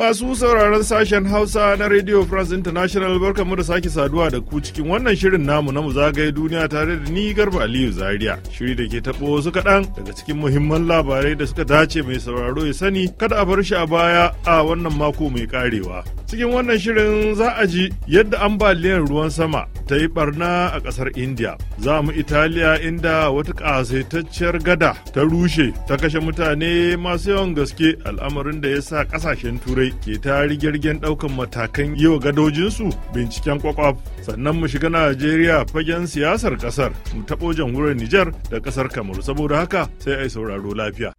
Masu sauraron sashen Hausa na Radio France International barkamu da sake saduwa da ku cikin wannan shirin namu na zagaye duniya tare da ni Garba Aliyu Zaria. Shiri da ke taɓo wasu kaɗan daga cikin muhimman labarai da suka dace mai sauraro ya sani kada a bar shi a baya a wannan mako mai karewa. Cikin wannan shirin za a ji yadda ambaliyar ruwan sama ta yi barna a ƙasar India. Za mu Italiya inda wata ƙasaitacciyar gada ta rushe ta kashe mutane masu yawan gaske al'amarin da ya sa ƙasashen Turai ke ta rigirgen daukan matakan yi wa gadojinsu binciken kwakwaf sannan mu shiga najeriya fagen siyasar ƙasar mu taɓo jamhuriyar nijar da ƙasar kamaru saboda haka sai a yi sauraro lafiya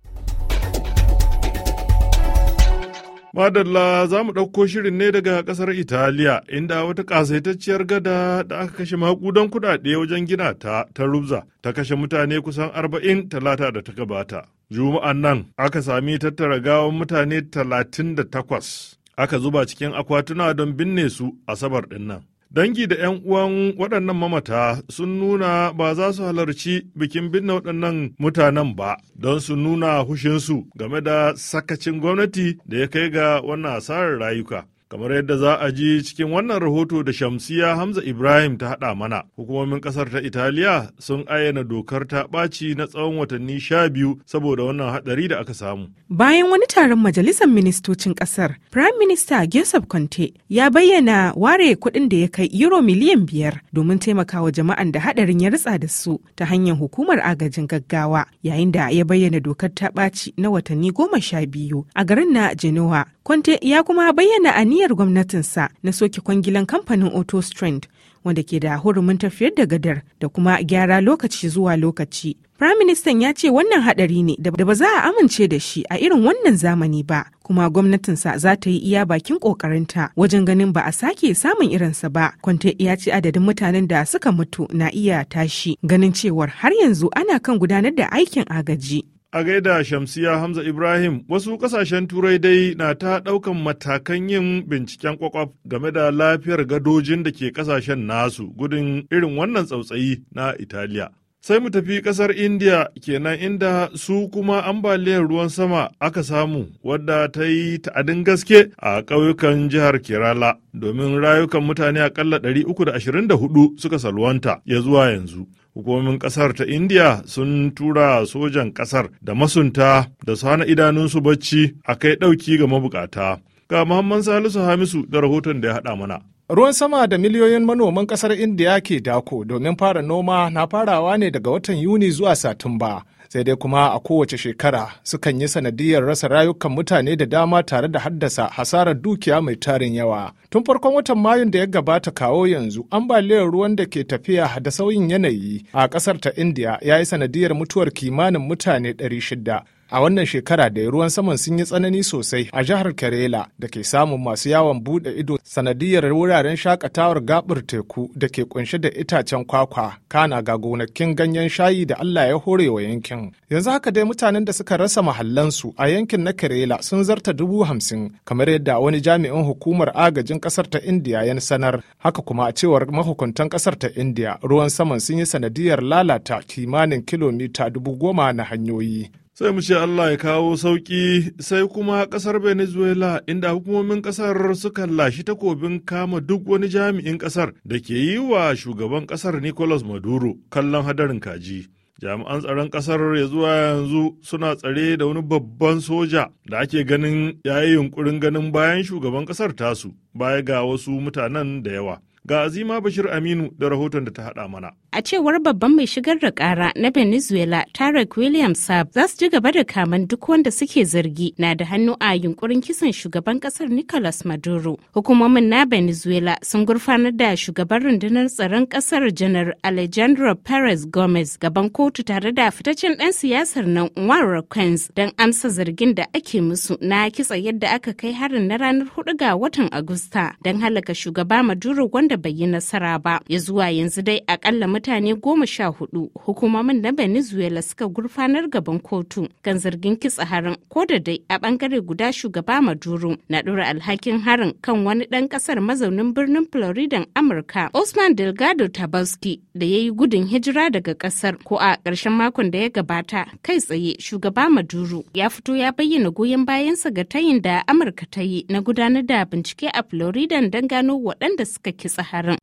Madalla za mu ɗauko shirin ne daga ƙasar Italiya inda wata ƙasaitacciyar gada da aka kashe maƙudan kuɗaɗe wajen gina ta ta rubza ta kashe mutane kusan arba'in talata da ta gabata. Juma'an nan aka sami tattara gawan mutane talatin da takwas aka zuba cikin akwatuna don binne su asabar ɗin nan. Dangi da 'yan uwan waɗannan mamata sun nuna ba za su halarci bikin binne waɗannan mutanen ba don su nuna hushinsu game da sakacin gwamnati da ya kai ga wannan asarar rayuka. Kamar yadda za a ji cikin wannan rahoto da Shamsiya Hamza Ibrahim ta haɗa mana, hukumomin ƙasar ta Italiya sun ayyana dokar ta ɓaci na tsawon watanni sha biyu saboda wannan haɗari da aka samu. Bayan wani taron majalisar ministocin ƙasar, Prime Minister Joseph Conte ya bayyana ware kuɗin da ya kai euro miliyan biyar domin taimakawa jama'an da haɗarin ya ritsa da su ta hanyar hukumar agajin gaggawa yayin da ya bayyana dokar ta ɓaci na watanni goma sha biyu a garin na Genoa Conte ya kuma bayyana aniyar gwamnatinsa na soke kwangilan kamfanin Auto Strand wanda ke da hurumin tafiyar da gadar da kuma gyara lokaci zuwa lokaci. Firaministan ya ce wannan hadari ne da ba za a amince da shi a irin wannan zamani ba, kuma gwamnatinsa za ta yi iya bakin kokarinta wajen ganin ba a sake samun irinsa ba. Kwante ya ce adadin mutanen da suka mutu na iya tashi ganin cewar har yanzu ana kan gudanar da aikin agaji. A gaida Shamsiya Hamza Ibrahim, wasu kasashen Turai dai na ta ɗaukan matakan yin binciken kwakwaf game da lafiyar gadojin da ke ƙasashen nasu gudun irin wannan tsautsayi na Italiya. sai mu tafi kasar india kenan inda su kuma ambaliyar ruwan sama aka samu wadda ta yi ta'adin gaske a ƙauyukan jihar kerala domin rayukan mutane akalla 324 suka salwanta ya zuwa yanzu hukumomin kasar ta india sun tura sojan kasar da masunta da su hana idanunsu bacci a kai ɗauki ga mabukata ga muhammad salisu hamisu da rahoton da ya haɗa mana Ruwan sama da miliyoyin manoman kasar Indiya ke dako domin fara noma na farawa ne daga watan Yuni zuwa Satumba. Sai dai kuma a kowace shekara sukan yi sanadiyar rasa rayukan mutane da dama tare da haddasa hasarar dukiya mai tarin yawa. Tun farkon watan Mayun da ya gabata kawo yanzu ambaliyar ruwan da ke tafiya da sauyin yanayi a kasar ta Indiya ya yi sanadiyar mutuwar kimanin mutane 600. a wannan shekara da ruwan saman sun yi tsanani sosai a jihar kerela da ke samun masu yawon bude ido sanadiyar wuraren shakatawar gabar teku da ke kunshe da itacen kwakwa kana ga gonakin ganyen shayi da allah ya hore wa yankin yanzu haka dai mutanen da suka rasa mahallansu a yankin na kerela sun zarta dubu hamsin kamar yadda wani jami'in hukumar agajin kasar ta indiya ya sanar haka kuma a cewar mahukuntan kasar ta indiya ruwan saman sun yi sanadiyar lalata kimanin kilomita dubu goma na hanyoyi sai mu ce Allah ya kawo sauƙi sai kuma ƙasar Venezuela inda hukumomin ƙasar suka lashi takobin kama duk wani jami'in ƙasar da ke yi wa shugaban ƙasar Nicolas Maduro kallon hadarin kaji. Jami'an tsaron ƙasar ya zuwa yanzu suna tsare da wani babban soja da ake ganin yayi yi yunkurin ganin bayan shugaban ƙasar tasu baya ga wasu mutanen da yawa. Ga Azima Bashir Aminu da rahoton da ta haɗa mana. A cewar babban mai shigar da ƙara na Venezuela Tarek William Saab za su ji gaba da kaman duk wanda suke zargi na da hannu a yunkurin kisan shugaban ƙasar Nicolas Maduro. Hukumomin na Venezuela sun gurfanar da shugaban rundunar tsaron ƙasar janar Alejandro Perez Gomez gaban kotu tare da fitaccen ɗan siyasar nan Juan Queens don amsa zargin da ake musu na kitsa yadda aka kai harin na ranar 4 ga watan Agusta don halaka shugaba Maduro wanda wanda bai yi nasara ba ya zuwa yanzu dai akalla mutane goma sha hudu hukumomin na venezuela suka gurfanar gaban kotu kan zargin kitsa harin ko da dai a bangare guda shugaba maduro na dora alhakin harin kan wani dan kasar mazaunin birnin Florida amurka osman delgado tabaski da ya yi gudun hijira daga kasar ko a ƙarshen makon da ya gabata kai tsaye shugaba maduro ya fito ya bayyana goyon bayansa ga tayin da amurka ta yi na gudanar da bincike a Florida don gano waɗanda suka kitsa tsaharin.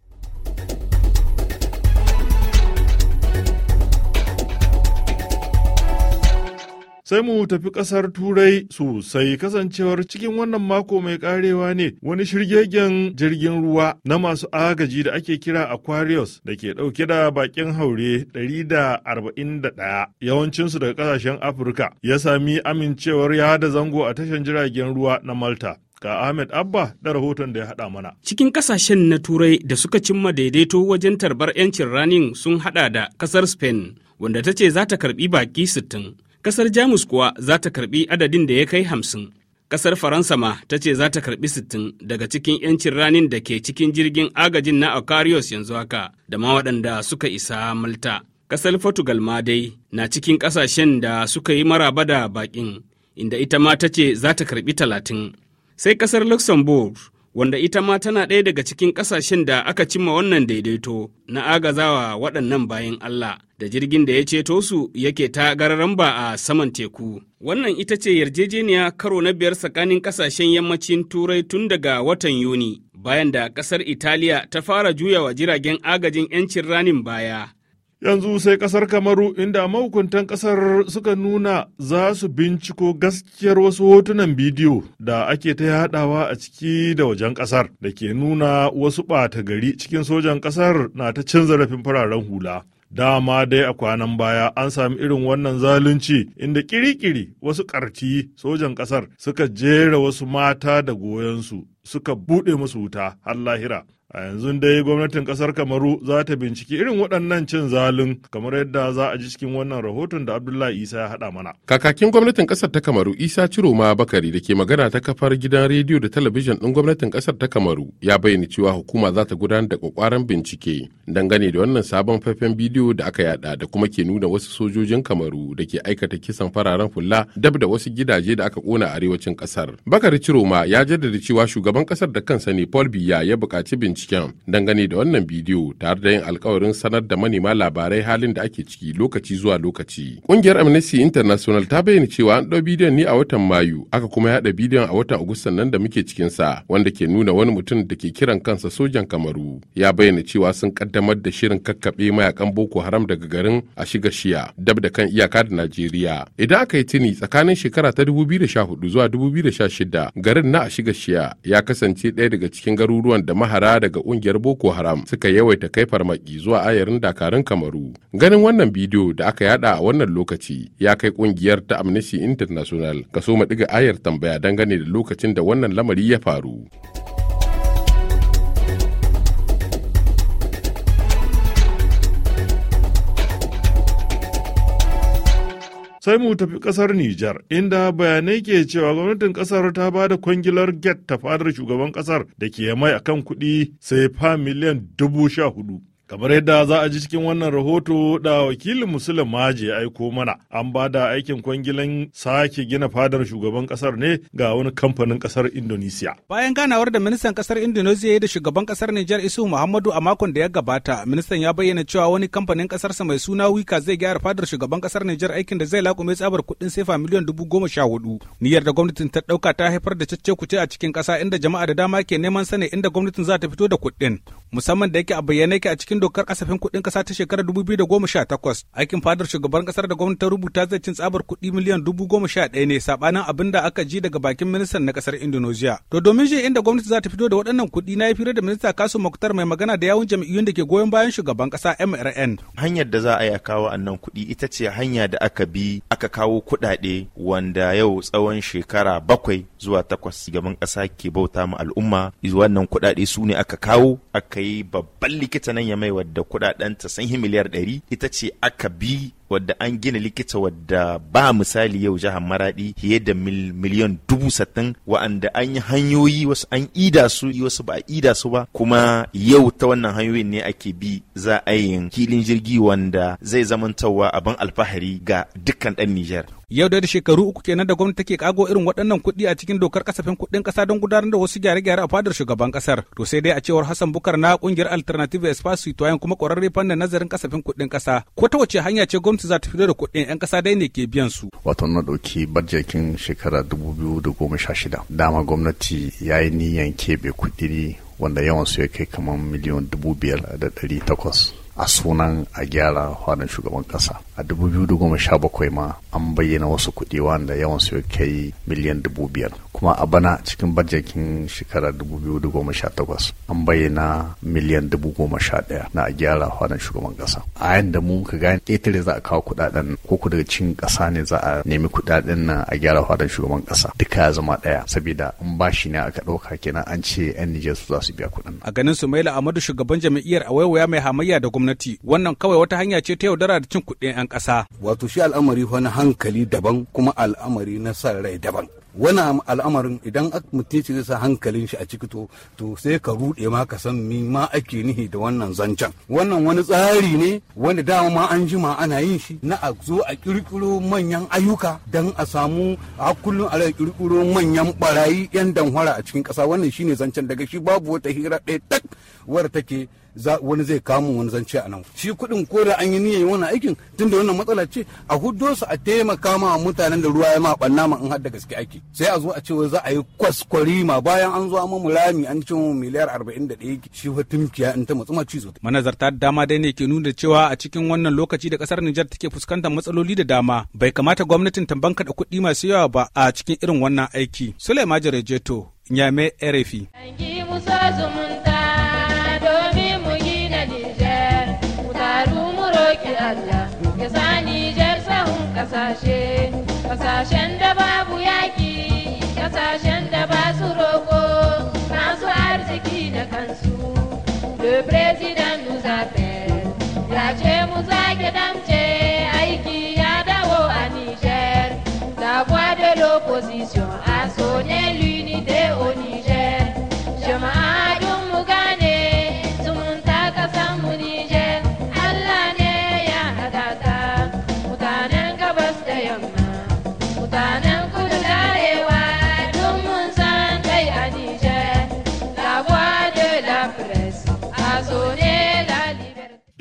sai mu tafi kasar turai sosai kasancewar cikin wannan mako mai karewa ne wani shirgegen jirgin ruwa na masu agaji da ake kira aquarius da ke dauke da bakin haure 141 yawancinsu daga kasashen afirka ya sami amincewar ya da zango a tashan jiragen ruwa na malta Ga Ahmed Abba da rahoton da ya haɗa mana. Cikin ƙasashen na Turai da suka cimma daidaito wajen tarbar 'yancin ranin sun haɗa da ƙasar Spain wanda ta ce za ta karɓi baƙi sittin, ƙasar Jamus kuwa za ta karɓi adadin da ya kai hamsin. Ƙasar Faransa ma ta ce za ta karɓi sittin daga cikin 'yancin ranin da ke cikin jirgin agajin na Aquarius yanzu haka da ma waɗanda suka isa Malta. Ƙasar Portugal ma dai na cikin ƙasashen da suka yi maraba da baƙin inda ita ma ta ce za ta karɓi talatin. sai kasar luxembourg wanda ita ma tana ɗaya daga cikin ƙasashen da aka cimma wannan daidaito na agazawa waɗannan bayan Allah da jirgin da ya ceto su yake ta gararan ba a saman teku. Wannan ita ce yarjejeniya karo na biyar tsakanin ƙasashen yammacin Turai tun daga watan Yuni bayan da ƙasar Italiya ta fara juyawa jiragen agajin 'yancin ranin baya Yanzu sai kasar Kamaru inda mahukuntan ƙasar suka nuna za su binciko gaskiyar wasu hotunan bidiyo da ake ta yadawa a ciki da wajen ƙasar, da ke nuna wasu ɓata gari cikin sojan ƙasar na ta cin zarafin fararen hula. Dama dai a kwanan baya an sami irin wannan zalunci inda kirikiri wasu ƙarti sojan ƙasar suka jera wasu mata da goyon su, suka buɗe musu wuta har lahira. a yanzu dai gwamnatin kasar kamaru za ta binciki irin waɗannan cin zalin kamar yadda za a ji cikin wannan rahoton da abdullahi isa ya haɗa mana kakakin gwamnatin kasar ta kamaru isa ciroma bakari da ke magana ta kafar gidan rediyo da talabijin ɗin gwamnatin kasar ta kamaru ya bayyana cewa hukuma za ta gudanar da kwakwaran bincike dangane da wannan sabon faifan bidiyo da aka yada da kuma ke nuna wasu sojojin kamaru da ke aikata kisan fararen fulla dab da wasu gidaje da aka kona arewacin kasar bakari ciroma ya jaddada cewa shugaban kasar da kansa ne paul biya ya buƙaci bincike binciken dangane da wannan bidiyo tare da yin alkawarin sanar da manema labarai halin da ake ciki lokaci zuwa lokaci. Ƙungiyar Amnesty International ta bayyana cewa an ɗau bidiyon ne a watan Mayu aka kuma yaɗa bidiyon a watan Agustan nan da muke sa wanda ke nuna wani mutum da ke kiran kansa sojan Kamaru. Ya bayyana cewa sun kaddamar da shirin kakkaɓe mayakan Boko Haram daga garin a shiga shiya dab da kan iyaka da Najeriya. Idan aka yi tuni tsakanin shekara ta 2014 zuwa 2016 garin na a shiga shiya ya kasance ɗaya daga cikin garuruwan da mahara da daga kungiyar Boko Haram suka yawaita kai farmaki zuwa ayarin dakarun Kamaru. Ganin wannan bidiyo da aka yada a wannan lokaci ya kai kungiyar ta Amnesty International kaso maɗiga ayar tambaya dangane da lokacin da wannan lamari ya faru. sai mu tafi kasar Nijar, inda bayanai ke cewa gwamnatin kasar ta ba da kwangilar get ta fadar shugaban kasar da ke mai akan kuɗi sai fa miliyan dubu sha hudu. Kamar yadda za a ji cikin wannan rahoto da wakilin Musulun maji ya aiko mana, an ba da aikin kwangilan sake gina fadar shugaban kasar ne ga wani kamfanin kasar Indonesia. Bayan ganawar da ministan kasar Indonesia ya da shugaban kasar niger Isu Muhammadu a makon da ya gabata, ministan ya bayyana cewa wani kamfanin kasarsa mai suna Wika zai gyara fadar shugaban kasar niger aikin da zai lakume tsabar kuɗin sefa miliyan dubu goma sha hudu. Niyyar da gwamnatin ta ɗauka ta haifar da cece-kuce a cikin ƙasa inda jama'a da dama ke neman sani inda gwamnatin za ta fito da kuɗin, musamman da yake a bayyane ke a cikin cikin dokar kasafin kuɗin ƙasa ta shekarar 2018 aikin fadar shugaban kasar da gwamnati ta rubuta zai cin tsabar kuɗi miliyan daya ne sabanin abin da aka ji daga bakin ministan na kasar Indonesia. To domin shi inda gwamnati za ta fito da waɗannan kuɗi na yi fira da minista Kasu Muktar mai magana da yawun jam'iyyun da ke goyon bayan shugaban kasa MRN. Hanyar da za a yi a kawo annan kuɗi ita ce hanya da aka bi aka kawo kuɗaɗe wanda yau tsawon shekara bakwai zuwa takwas gaban ƙasa ke bauta ma al'umma wannan kuɗaɗe su ne aka kawo aka yi babban likita nan ya mai wadda kudaden ta san miliyar ɗari ita ce aka bi wadda an gina likita wadda ba misali yau jihar maradi fiye da miliyan dubu sattin wa'anda an yi hanyoyi wasu an ida su wasu ba a ida su ba kuma yau ta wannan hanyoyin ne ake bi za a yin filin jirgi wanda zai zamantawa abin alfahari ga dukkan ɗan Nijar. Yau da shekaru uku kenan da gwamnati take kago irin waɗannan kuɗi a cikin dokar kasafin kuɗin ƙasa don gudanar da wasu gyare-gyare a fadar shugaban ƙasar. To sai dai a cewar Hassan Bukar na ƙungiyar Alternative Espace Citoyen kuma ƙwararre fannin nazarin kasafin kuɗin ƙasa. Ko ta wace hanya ce gwamnati gwamnati za ta fito da kuɗin 'yan ƙasa dai ne ke biyan su. Wato na ɗauki bajakin shekara da goma sha shida. dama gwamnati ya yi niyan keɓe kuɗi wanda yawan su ya kai kamar miliyan dubu biyar da ɗari takwas a sunan a gyara hannun shugaban ƙasa. a 2017 ma an bayyana wasu kuɗi wanda yawan su kai miliyan 5,000 kuma a bana cikin bajakin shekarar 2018 an bayyana miliyan 11,000 na a gyara hannun shugaban kasa. a da mu ka gane ƙetare za a kawo kuɗaɗen ko ku daga cikin ƙasa ne za a nemi kuɗaɗen na a gyara hannun shugaban ƙasa duka ya zama ɗaya saboda in bashi ne aka ɗauka kenan an ce 'yan Nijar su za su biya kuɗin a ganin Sumaila Ahmadu shugaban jami'iyar a waiwaya mai hamayya da gwamnati wannan kawai wata hanya ce ta yaudara da cin kuɗin 'yan ƙasa. Wato shi al'amari wani hankali daban kuma al'amari na sa rai daban. Wani al'amarin idan mutum zai sa hankalin shi a ciki to sai ka ruɗe ma ka san mi ma ake nihi da wannan zancen. Wannan wani tsari ne wanda dama ma an jima ana yin shi na a zo a ƙirƙiro manyan ayyuka don a samu a kullum a ƙirƙiro manyan barayi 'yan damhara a cikin ƙasa wannan shine zancen daga shi babu wata hira ɗaya tak wadda take wani zai kamun wani zance a nan shi kuɗin ko da an yi niyyar wani aikin tunda wannan matsala ce a huddo su a taimaka ma mutanen da ruwa ya ma ɓanna ma in har da gaske ake sai a zo a ce wai za a yi kwaskwari ma bayan an zo an mamu rami an ci mu miliyar 41 shi fa tumkiya in ta matsu ma cizo manazarta dama dai ne ke nuna cewa a cikin wannan lokaci da kasar Nijar take fuskantar matsaloli da dama bai kamata gwamnatin ta banka da kuɗi masu yawa ba a cikin irin wannan aiki Sulaiman Jarejeto Nyame Erefi. zumunta sa Nijar sahun kasashe, kasashen da babu yaki, kasashen da ba su roko, nasu arziki da kansu. president.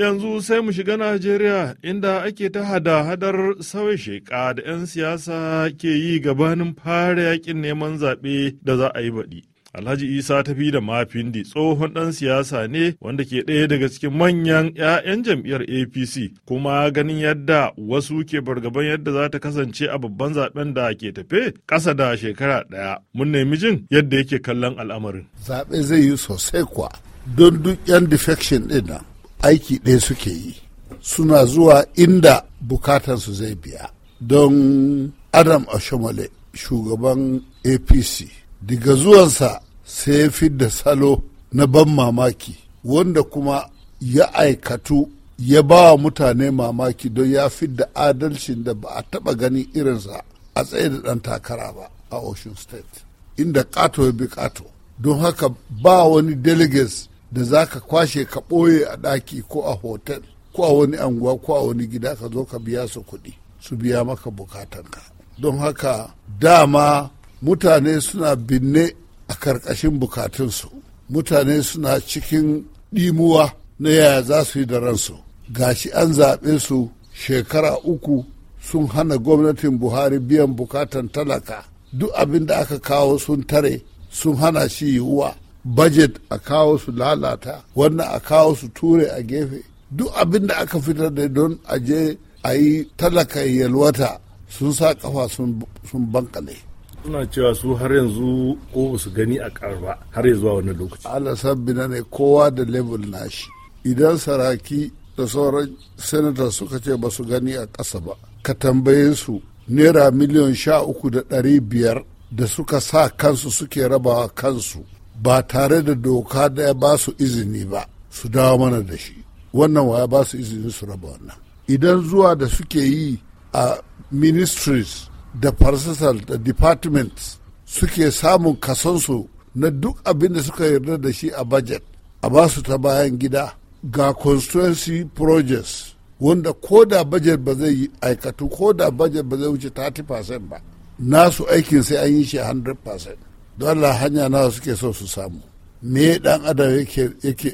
yanzu sai mu shiga Najeriya inda ake ta hada-hadar sauya sheka da 'yan siyasa ke yi gabanin fara yakin neman zaɓe da za a yi baɗi. Alhaji Isa tafi da mafindi tsohon ɗan siyasa ne wanda ke ɗaya daga cikin manyan 'ya'yan jam'iyyar APC kuma ganin yadda wasu ke bargaban yadda za ta kasance a babban zaɓen da ke tafe ƙasa da shekara ɗaya. Mun nemi jin yadda yake kallon al'amarin. Zaɓe zai yi sosai kuwa don duk 'yan defection ɗin nan aiki ɗaya suke yi suna zuwa inda bukatansu zai biya don adam ashomale shugaban apc daga zuwansa sai ya fidda salo na ban mamaki wanda kuma ya aikatu ya ba wa mutane mamaki don ya fidda adalcin da ba a taba gani irinsa a tsaye da ɗan takara ba a ocean state inda ƙato ya bi kato don haka ba wani delegates da za ka kwashe ka ɓoye a ɗaki ko a hotel ko a wani anguwa ko a wani gida ka zo ka biya su kuɗi su biya maka bukatan ka. don haka dama mutane suna binne a karkashin bukatunsu mutane suna cikin ɗimuwa na yaya za su yi da ransu gashi an zaɓe su shekara uku sun hana gwamnatin buhari biyan bukatan talaka duk abin da aka kawo sun tare sun hana shi yiwuwa budget a kawo su lalata wannan a kawo su ture a gefe duk abin da aka fitar da don a je a yi talaka yalwata sun sa kafa sun bankale suna cewa su har yanzu ko su gani a karba har yanzu a wani lokaci ala na ne kowa da level nashi idan saraki da sauran senator suka ce ba su gani a ƙasa ba ka tambaye su naira miliyan sha uku da ɗari biyar da suka sa kansu suke rabawa kansu ba tare da doka da ya ba su izini ba su dawo mana da shi wannan waya ba su izini su raba wannan idan zuwa da suke yi a ministries da farsasal da departments suke samun kasansu na duk abin da suka yarda da shi a budget a ba su ta bayan gida ga constituency projects wanda ko da budget ba zai yi aikatu ko da budget ba zai wuce 30% ba nasu aikin sai an yi shi 100% don Allah hanya nawa suke so su samu me dan adam yake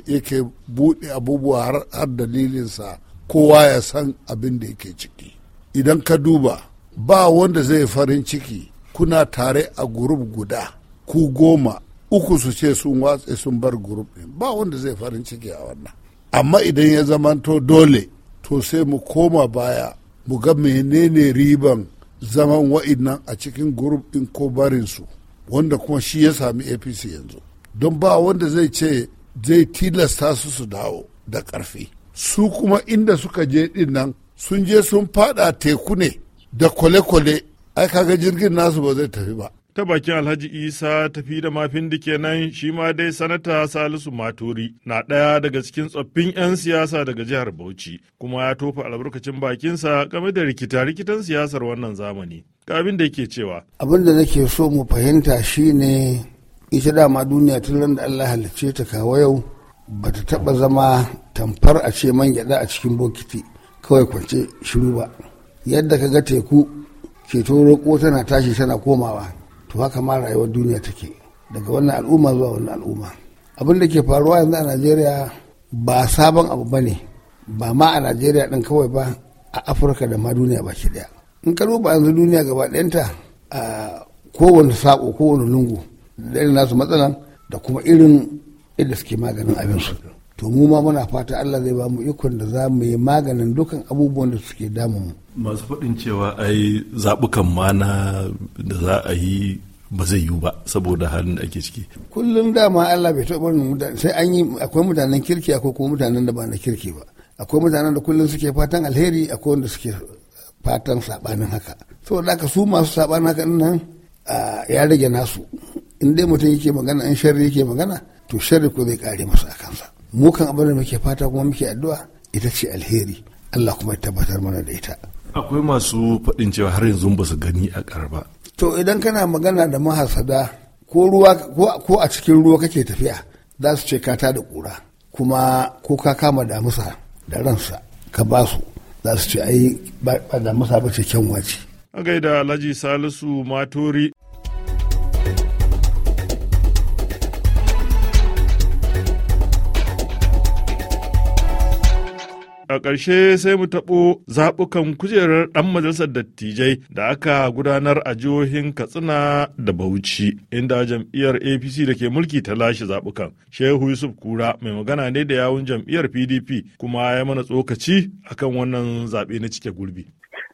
yake buɗe abubuwa har, dalilinsa kowa ya san abin da yake ciki idan ka duba ba wanda zai farin ciki kuna tare a gurub guda ku goma uku su ce sun watse sun bar gurub ɗin ba wanda zai farin ciki a wannan amma idan ya zamanto dole to sai mu koma baya mu ga menene riban zaman wa'innan a cikin gurub ɗin ko barinsu wanda kuma shi ya sami apc yanzu don ba wanda zai ce zai tilasta su su dawo da ƙarfi su kuma inda suka je ɗin nan sun je sun faɗa teku ne da kwale-kwale ai kaga jirgin nasu ba zai tafi ba ta bakin Alhaji Isa tafi da mafin kenan shi ma dai sanata Salisu Maturi na ɗaya daga cikin tsoffin 'yan siyasa daga jihar Bauchi kuma ya tofa albarkacin bakinsa game da rikita-rikitan siyasar wannan zamani. kamin da yake cewa. Abin da nake so mu fahimta shine ita dama duniya tun da Allah halicce ta kawo yau ba ta taɓa zama tamfar a ce man gyaɗa a cikin bokiti kawai kwance shiru ba. Yadda ka ga teku ke toro ko tana tashi tana komawa. to haka ma rayuwar duniya take daga wannan al'umma zuwa wannan al'umma abin da ke faruwa yanzu a najeriya ba sabon abu ba ne ba ma a najeriya ɗin kawai ba a afirka da ma duniya ba baki ɗaya in ka duba yanzu duniya gaba ɗayanta a kowane saƙo kowane lungu da irin nasu matsalan da kuma irin yadda suke maganin abin su to mu ma muna fata allah zai ba mu ikon da za mu yi maganin dukkan abubuwan da suke damun mu masu faɗin cewa ai zaɓukan mana da za a yi ba zai yiwu ba saboda halin da ake ciki. Kullum dama Allah bai taɓa barin sai an yi akwai mutanen kirki akwai kuma mutanen da ba na kirki ba. Akwai mutanen da kullum suke fatan alheri akwai wanda suke fatan saɓanin haka. Saboda haka su masu saɓanin haka nan ya rage nasu. In dai mutum yake magana in sharri yake magana to sharri ko zai kare masa a kansa. Mu kan abin da muke fata kuma muke addu'a ita ce alheri. Allah kuma ya tabbatar mana da ita. akwai masu faɗin cewa har yanzu ba su gani a ba. to idan kana magana da mahasada ko ruwa ko a cikin ruwa kake tafiya za su ce kata da ƙura kuma ko ka kama damusa da ransa ka ba su za su ce ai ba musa ba ce kyanwa ce. a gaida alhaji salisu matori A ƙarshe sai mu taɓo zaɓukan kujerar ɗan majalisar dattijai da aka gudanar a jihohin Katsina da Bauchi, inda jam'iyyar APC da ke mulki ta lashe zaɓukan. Shehu Yusuf Kura mai magana ne da yawun jam'iyyar PDP kuma ya mana tsokaci akan wannan zaɓe na cike gurbi.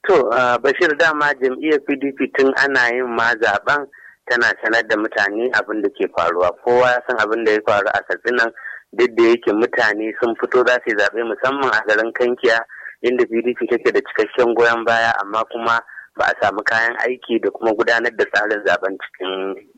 To, Bashir dama jam'iyyar PDP tun ana yin ma zaɓen tana sanar da mutane abin da ke faruwa. Kowa ya san abin da ya faru a Katsinan. duk da yake mutane sun fito za su zaɓe musamman a garin kankiya inda pdp take da cikakken goyon baya amma kuma ba a samu kayan aiki da kuma gudanar da tsarin zaben cikin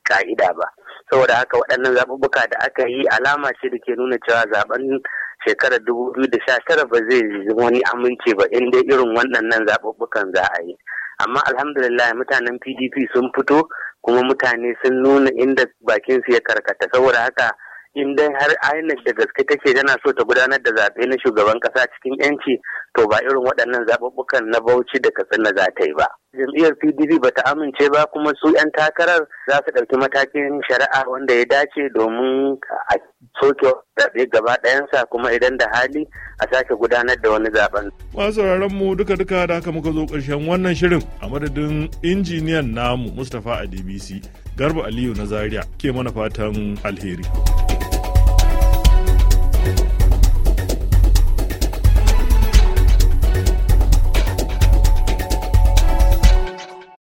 ka'ida ba saboda haka waɗannan zaɓuɓɓuka da aka yi alama ce da ke nuna cewa zaben shekarar dubu biyu da sha tara ba zai wani amince ba inda irin waɗannan zaɓuɓɓukan za a yi amma alhamdulillah mutanen pdp sun fito kuma mutane sun nuna inda bakin su ya karkata saboda haka in dai har INEC da gaske take tana so ta gudanar da zaɓe na shugaban ƙasa cikin yanci to ba irin waɗannan zaɓuɓɓukan na Bauchi da Katsina za ta yi ba. Jam'iyyar PDP ba ta amince ba kuma su 'yan takarar za su ɗauki matakin shari'a wanda ya dace domin a soke zaɓe gaba ɗayansa kuma idan da hali a sake gudanar da wani zaɓen. Masu sauraron mu duka duka da haka muka zo ƙarshen wannan shirin a madadin injiniyan namu Mustapha a DBC Garba Aliyu na Zaria ke mana fatan alheri.